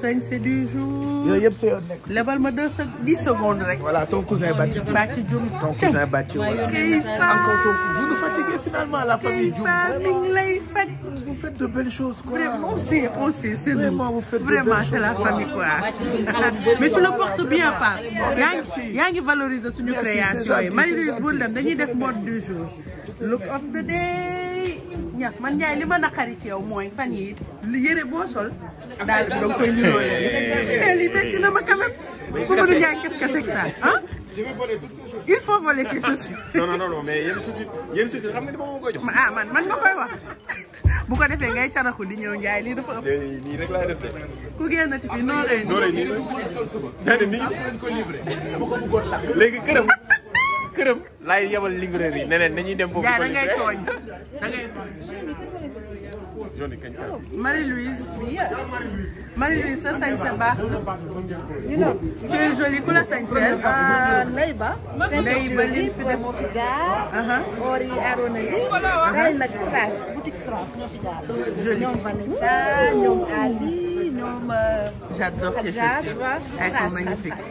C'est du jour. La balle me donne 10 secondes voilà ton cousin est battu. ton cousin a battu. Keifa encore ton cousin vous fatiguez finalement la famille vous faites de belles choses quoi. vraiment on sait on sait c'est vraiment vous faites de belles choses vraiment c'est la famille quoi. mais tu ne portes bien pas. Il y a une valoriser de création Marie-Louise bul a dañuy def mode du jour. look of the day. i ñax man Ndiaye li ma naqari ci yow mooy fan yi yére boo sol daal bi danga koy niroo leen lii métti na ma quand même Mamadou Ndiaye qu'est-ce que c'est ah, man man nga koy wax bu ko defee ngay caraxu ñëw Ndiaye lii de ku génn ci fii nooree nii nooree nii nii nii nii nii nii nii nii nii nii këram laay yebal librairie yi ne nañuy dem foofu. da ngay tooñ da ngay Marie Louise. Marie Louise sa sañ sa baax na. tu es jolie ku la sañ seel. Leiba Ba. Ndeye Ba li fi def moo fi jaar. or yi aaroon na lii. boutique Strass ñoo fi jolie ñoom Vanessa ñoom Ali ñoom. j'adore ces chaussures. elles sont magnifiques.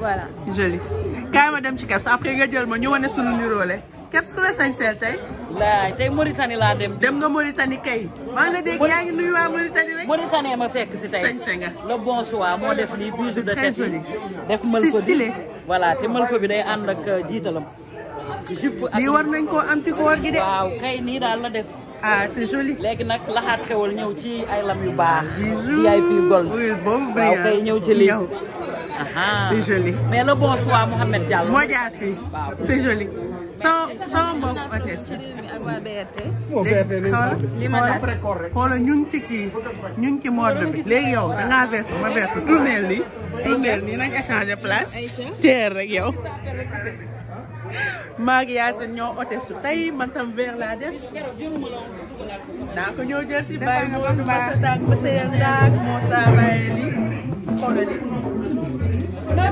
voilà joli kaay ma dem ci Kebs après nga jël ma ñu wane sunu niroole Kebs ku la sañseel tey. laay tey Mauritanie laa dem. dem nga Mauritanie kay. maa ngi la dégg yaa ngi nuyu waa Mauritanie rek. Mauritanie ma fekk si tey. sañse nga le bon choix moo def lii bijou de tête yi. def malfa bi voilà te malfa bi day ànd ak euh, jiitalam. jupe ak lii war nañ koo am ci koor gi de. waaw kay nii daal la def. ah c'est joli. léegi nag laxaat xewal ñëw ci ay lam yu baax. bijou VIP gold. waaw kay ñëw ci lii. c'est joli. moo jaar fii c'est joli. soo soo mbokk hôtesse bi. li ma ci kii ñu ngi ci mode bi. léegi yow da ngaa ma verse tourneel nii. tourneel nii nañ échanger place. teer rek yow. maa ngi ñoo hôtesse tey man tam verre laa def. naa ñoo jël si bàyyi moo du ma sa tànk ba sa yel moo travaillé nii xoolal nii.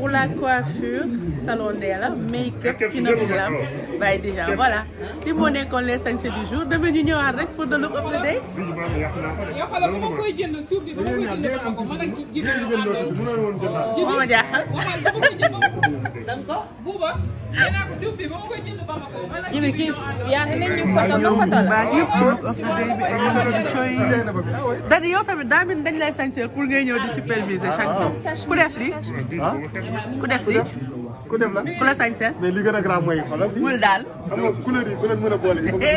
pour la coiffure salon la make-up finalement. bah déjà voilà qu'on qu'on les du jour demain noir avec pour de l'eau jibi kii yaa ngi leen ñu foto nga foto la ak yëpp ci look of the day bi ay ñoom doon cooy dadi yow tamit daa mel dañ lay sañseel pour ngay ñëw di superviser chaque jour ku def li ku def li ku dem la ku la sañseel mais li gën a grand mooy xoolal bul daal xam nga couleur yi ku leen mën a boole eh,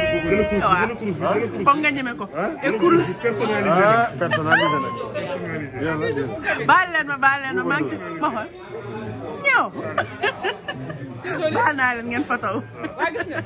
foog nga ñeme ko et kurus ah, personnalisé la baal leen ma baal leen ma maa ngi ma xool ñëw. c'est joli. baal naa leen ngeen photo. waa gis nga.